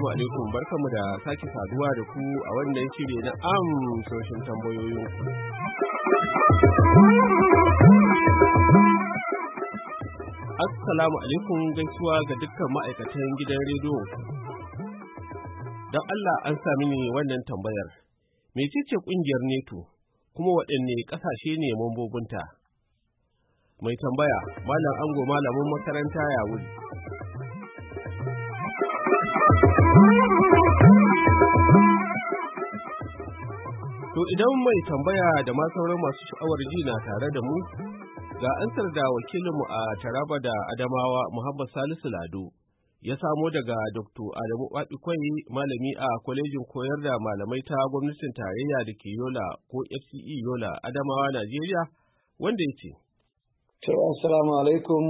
Assalamu alaikum barkamu da sake saduwa da ku a wannan shiri na amsoshin tambayoyin ku. Assalamu alaikum gaisuwa ga dukkan ma'aikatan gidan rediyo. Don Allah an sami ne wannan tambayar. Mecece ƙungiyar NATO kuma waɗanne ƙasashe ne mambobinta? Mai tambaya, Malam Ango Malamin makaranta ya wuri. To idan mai tambaya da ma sauran masu sha'awar ji na tare da mu ga ansar da wakilinmu a Taraba da Adamawa Muhammad Salisu Lado ya samo daga Dr. Adamu Badikwai malami a kwalejin koyar da malamai ta gwamnatin tarayya da ke Yola ko FCE Yola Adamawa Najeriya wanda ya ce To, Assalamu alaikum,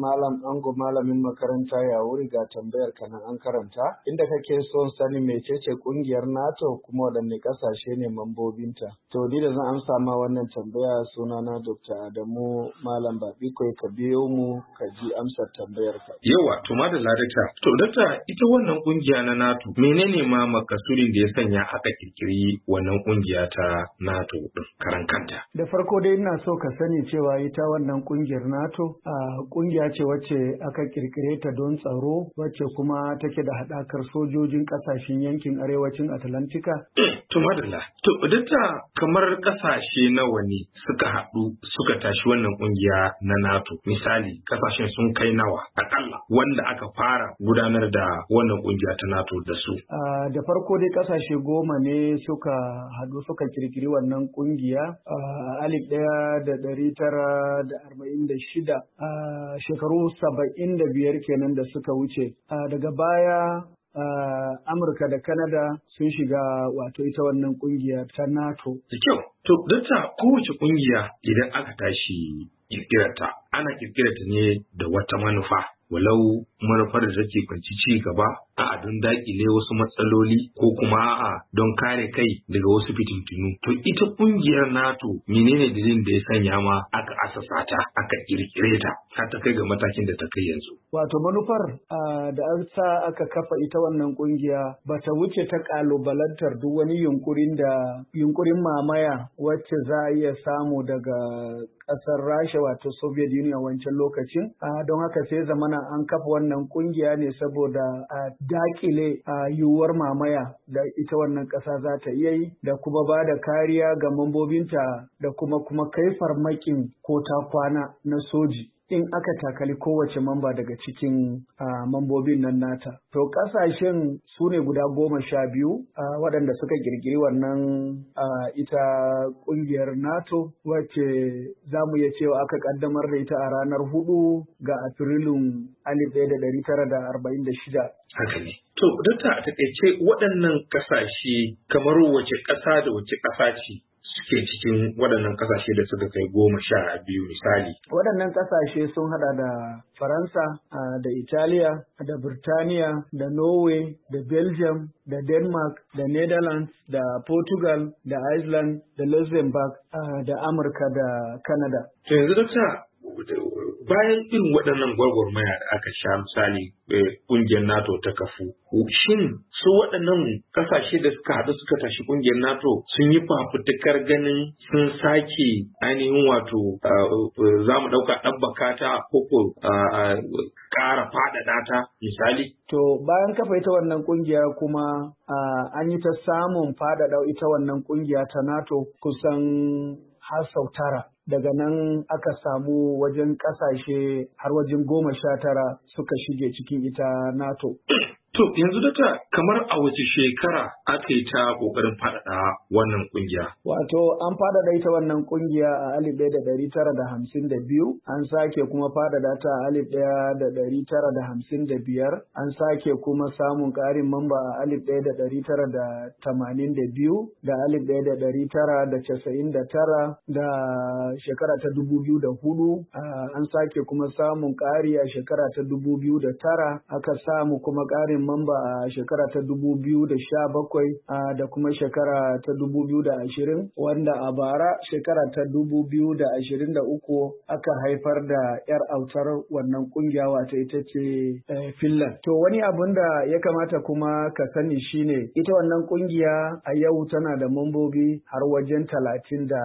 Malam Ango, Malamin makaranta ya wuri ga tambayar ka an karanta, inda kake son sani mecece kungiyar NATO kuma waɗanne ƙasashe ne mambobinta. To, ni da zan amsa ma wannan tambaya sunana Dr. Adamu Malam Babikwai ka biyo mu ka ji amsar tambayar ka. Yawa, to madalla dakta. To, dakta ita wannan kungiya na NATO menene ma makasurin da ya sanya aka kirkiri wannan kungiya ta NATO karan kanta? farko dai ina so ka sani cewa ita wannan kungiyar NATO a kungiya ce wacce aka kirkire ta don tsaro wacce kuma take da haɗakar sojojin ƙasashen yankin arewacin Atlantika To madalla, to duk da kamar kasashe nawa ne suka haɗu suka tashi wannan ƙungiya na NATO. Misali, kasashen sun kai nawa akalla wanda aka fara gudanar da wannan ƙungiya ta NATO da su. da farko dai kasashe goma ne suka haɗu suka kirkiri wannan ƙungiya. a alif ɗaya da ɗari tara da arba'in da shida a shekaru saba'in da biyar kenan da suka wuce. Daga baya Uh, Amurka da Kanada sun shiga wato ita wannan kungiya ta NATO. Da kyau, to ta kowace kungiya idan aka tashi kirkirarta, ana kirkirarta ne da wata manufa, walau manufar da take kwanci ci gaba a'a don dakile wasu matsaloli ko kuma a'a don kare kai daga wasu fitintunu. To ita kungiyar NATO menene dalilin da ya sanya ma aka asasa ta aka kirkire ta har ta kai ga matakin da ta kai yanzu. Wato manufar da an sa aka kafa ita wannan kungiya ba ta wuce ta kalubalantar duk wani yunkurin da yunkurin mamaya wacce za a iya samu daga ƙasar Rasha wato Soviet Union wancan lokacin. Don haka sai zamana an kafa wannan kungiya ne saboda dakile a yiwuwar mamaya da ita wannan ƙasa za ta iya yi da kuma ba da kariya ga mambobinta da kuma kuma kai farmakin ko ta kwana na soji in aka takali kowace mamba daga cikin mambobin nan nata. To kasashen su ne guda goma sha biyu waɗanda suka girgiri wannan ita ƙungiyar NATO wacce za mu iya cewa aka ƙaddamar da ita a ranar hudu ga Afrilun 1946. To, Dokta a taƙaice waɗannan ƙasashe kamar wace ƙasa da wace ƙasa ce suke cikin waɗannan ƙasashe da suka kai goma sha biyu misali. Waɗannan ƙasashe sun haɗa da Faransa da Italiya da Burtaniya da Norway da Belgium da Denmark da Netherlands da Portugal da Iceland da Luxembourg da Amurka da Canada. To yanzu bayan irin waɗannan gwagwarmaya da aka sha misali eh, ƙungiyar NATO ta kafu, shin su waɗannan ƙasashe da suka haɗu suka tashi ƙungiyar NATO sun yi fafutukar ganin sun sake ainihin wato za mu ɗauka ɗabbaka ta ko ƙara faɗaɗa ta misali? To bayan kafa ita wannan ƙungiya kuma an yi ta samun faɗaɗa ita wannan ƙungiya ta NATO kusan har sau tara. daga nan aka samu wajen ƙasashe har wajen goma sha tara suka shige cikin ita NATO. To yanzu ta kamar a wace shekara aka yi ta kokarin faɗaɗa wannan ƙungiya? Wato an faɗaɗa ita wannan ƙungiya a alif ɗaya da ɗari tara da hamsin da biyu, an sake kuma faɗaɗa ta a alif ɗaya da ɗari tara da hamsin da biyar, an sake kuma samun ƙarin mamba a alif ɗaya da ɗari tara da tamanin da biyu, da alif ɗaya da ɗari tara da casa'in da tara da shekara ta dubu biyu da hudu, an sake kuma samun ƙari a shekara ta dubu biyu da tara, aka samu kuma ƙarin mamba a shekara ta 2017 da kuma shekara ta 2020 wanda a bara shekara ta 2023 aka haifar da 'yar autar wannan kungiya wata ita ce eh, Finland. To wani abun da ya kamata kuma ka sani shine ita wannan kungiya a yau tana da mambobi har wajen talatin da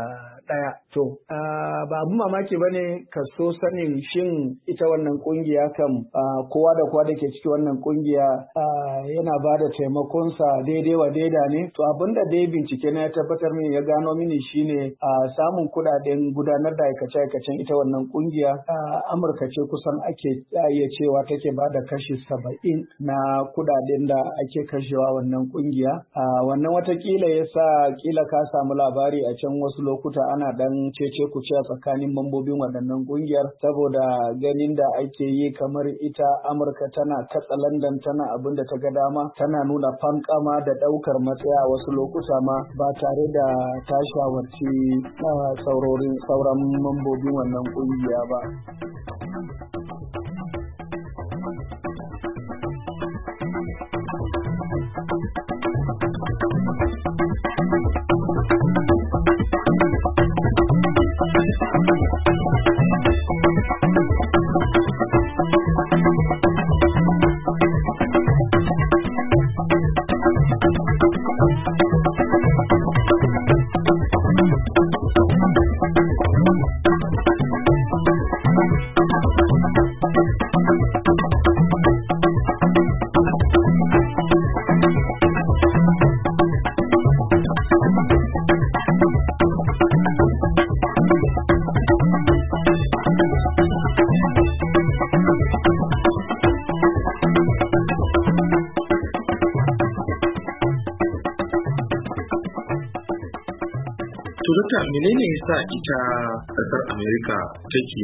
ɗaya. To ba abun mamaki ba ne ka so sanin shin ita wannan kungiya kam kowa da kowa da ke ciki wannan kungiya yana ba da taimakonsa daidai wa daida ne to abin da dai bincike na ya tabbatar min ya gano mini shine a samun kudaden gudanar da aikace-aikacen ita wannan kungiya a Amurka ce kusan ake iya cewa take ba da kashi saba'in na kudaden da ake kashewa wannan kungiya a wannan watakila ya sa kila ka samu labari a can wasu lokuta ana dan cece ku ce a tsakanin mambobin waɗannan kungiyar saboda ganin da ake yi kamar ita Amurka tana katsa Landan tana abin da ta ga dama tana nuna fankama da ɗaukar matsaya wasu lokuta ma ba tare da ta shawarci ah, saurorin sauran mambobin wannan ƙungiya ba. Dokta menene yasa ita ƙasar Amerika take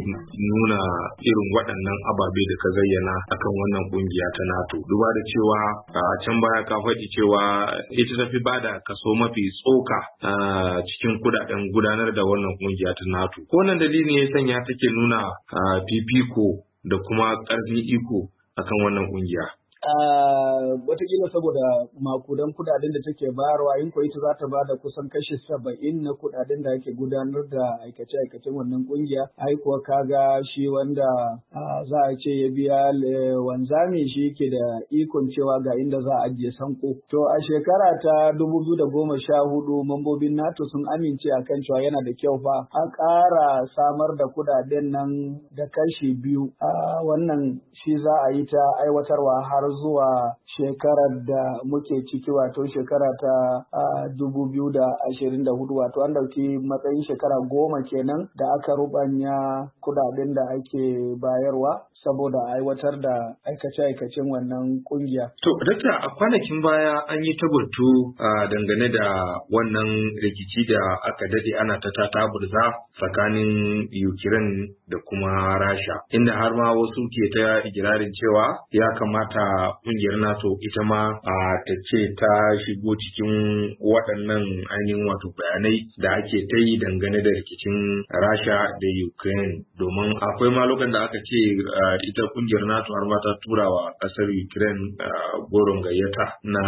nuna irin waɗannan ababe da ka zayyana akan wannan ƙungiya ta NATO duba da cewa a can baya ka faɗi cewa ita tafi fi bada kaso mafi tsoka a cikin kudaden gudanar da wannan ƙungiya ta NATO. Ko nan dalili ne ya sanya take nuna fifiko da kuma ƙarfin iko akan wannan ƙungiya. watakila saboda makudan kudaden da take bayarwa in ko ita za ta ba da kusan kashi saba'in na kudaden da ake gudanar da aikace-aikacen wannan kungiya ai kuwa kaga shi wanda za a ce ya biya wanzami shi ke da ikon cewa ga inda za a ajiye sanko to a shekara ta dubu biyu da goma sha hudu mambobin nato sun amince a kan cewa yana da kyau fa a ƙara samar da kudaden nan da kashi biyu a wannan shi za a yi ta aiwatarwa har 然后啊。shekarar da muke ciki wato shekara ta dubu biyu da ashirin da hudu wato an dauki matsayin shekara goma kenan da aka rubanya kudaden da ake bayarwa saboda aiwatar da aikace-aikacen wannan kungiya. To, Dakta, a kwanakin baya an yi tabbatu dangane da wannan rikici da aka dade ana ta taburza tsakanin Ukraine da kuma Rasha, inda har ma wasu ke ta igirarin cewa ya kamata kungiyar NATO so ita ma ta ce ta shigo cikin waɗannan ainihin wato bayanai da ake ta yi dangane da rikicin Rasha da Ukraine domin akwai ma lokacin da aka ce ita kungiyar NATO har ma ta tura wa ƙasar Ukraine goron gayyata na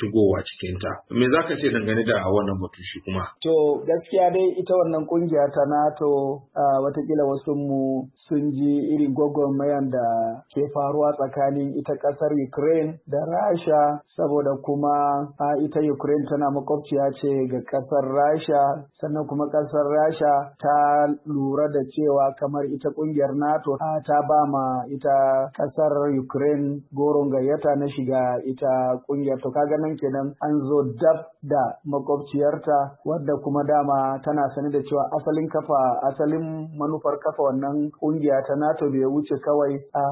shigowa cikinta. Me za ka ce dangane da wannan batu shi kuma? To gaskiya dai ita wannan kungiya ta NATO watakila wasu mu sun ji irin gwagwarmayar da ke faruwa tsakanin ita ƙasar Ukraine da Rasha saboda kuma a ita Ukraine tana makwabciya ce ga ƙasar Rasha sannan kuma ƙasar Rasha ta lura da cewa kamar ita ƙungiyar NATO ta ba ma ita ƙasar Ukraine goron gayyata na shiga ita ƙungiyar to kaga nan kenan an zo dab da makwabciyarta wadda kuma dama tana sani da cewa asalin kafa asalin manufar kafa wannan ƙungiya ta NATO bai wuce kawai a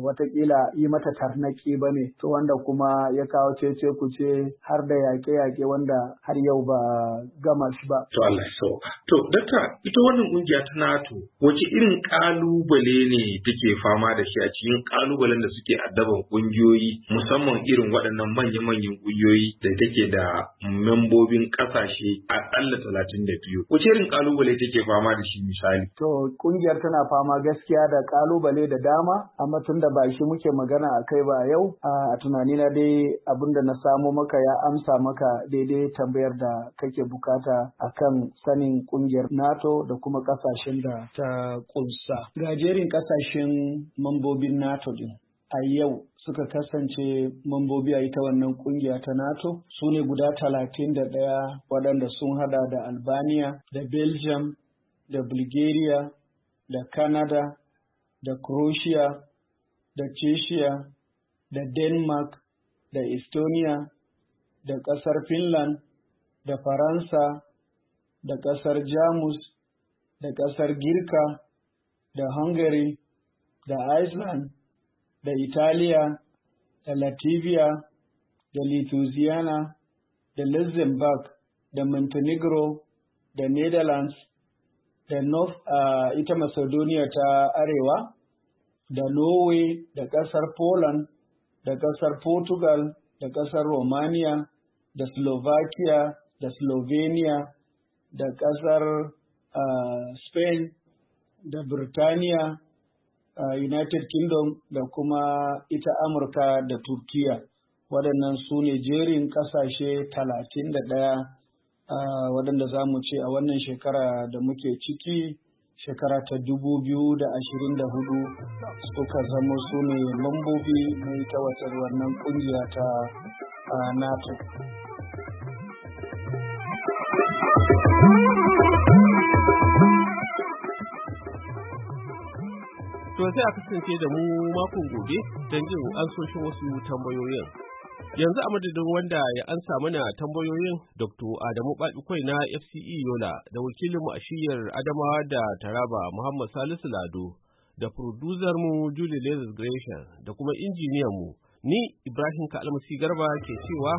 watakila yi mata tarnaki ba ba ne to wanda kuma ya kawo cece ku ce har da yaƙe-yaƙe wanda har yau ba gama shi ba. To Allah so. To dakta ita wannan ƙungiya ta NATO wace irin ƙalubale ne take fama da shi a cikin ƙalubalen da suke addaban ƙungiyoyi musamman irin waɗannan manya-manyan ƙungiyoyi da take da membobin ƙasashe aƙalla talatin da biyu. Wace irin ƙalubale take fama da shi misali? To ƙungiyar tana fama gaskiya da ƙalubale da dama amma tun da ba shi muke magana a kai ba yau a a na dai abin da na samo maka ya amsa maka daidai tambayar da kake bukata kan sanin kungiyar NATO da kuma kasashen da ta kunsa. Gajerin kasashen mambobin NATO din a yau suka kasance mambobi a ita wannan kungiya ta NATO su ne guda talatin da ɗaya waɗanda sun hada da Albania da Belgium da Bulgaria da Canada da Croatia da Cheshire da Denmark, da Estonia, da ƙasar Finland, da Faransa, da ƙasar Jamus, da ƙasar Girka, da Hungary, da Iceland, da Italiya, da Latvia, da Lithuania, da Luxembourg, da Montenegro, da Netherlands, da North uh, ita Macedonia ta Arewa, da Norway, da ƙasar Poland, da ƙasar Portugal, da ƙasar Romania, da Slovakia, da Slovenia, da ƙasar uh, Spain, da Birtaniya, uh, United Kingdom, da kuma ita Amurka da Turkiya. Waɗannan su ne jerin ƙasashe talatin da ɗaya uh, waɗanda za mu ce a wannan shekara da muke ciki shekara ta 2024 suka zama su ne lambobi mai ita wata wannan kungiya ta nato to sai a kasance da mu makon gobe don jin an soshin wasu tambayoyin yanzu a madadin wanda ya ansa mana tambayoyin dr adamu babikwai na fce yola da wakilinmu a shiryar adamawa da taraba muhammad salisu lado da producer mu julie lezis gresham da kuma injiniyan mu ni ibrahim kalmasi garba ke cewa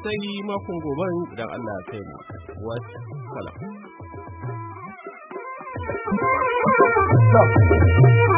sai makon goban idan allah ya kai mu wasu salam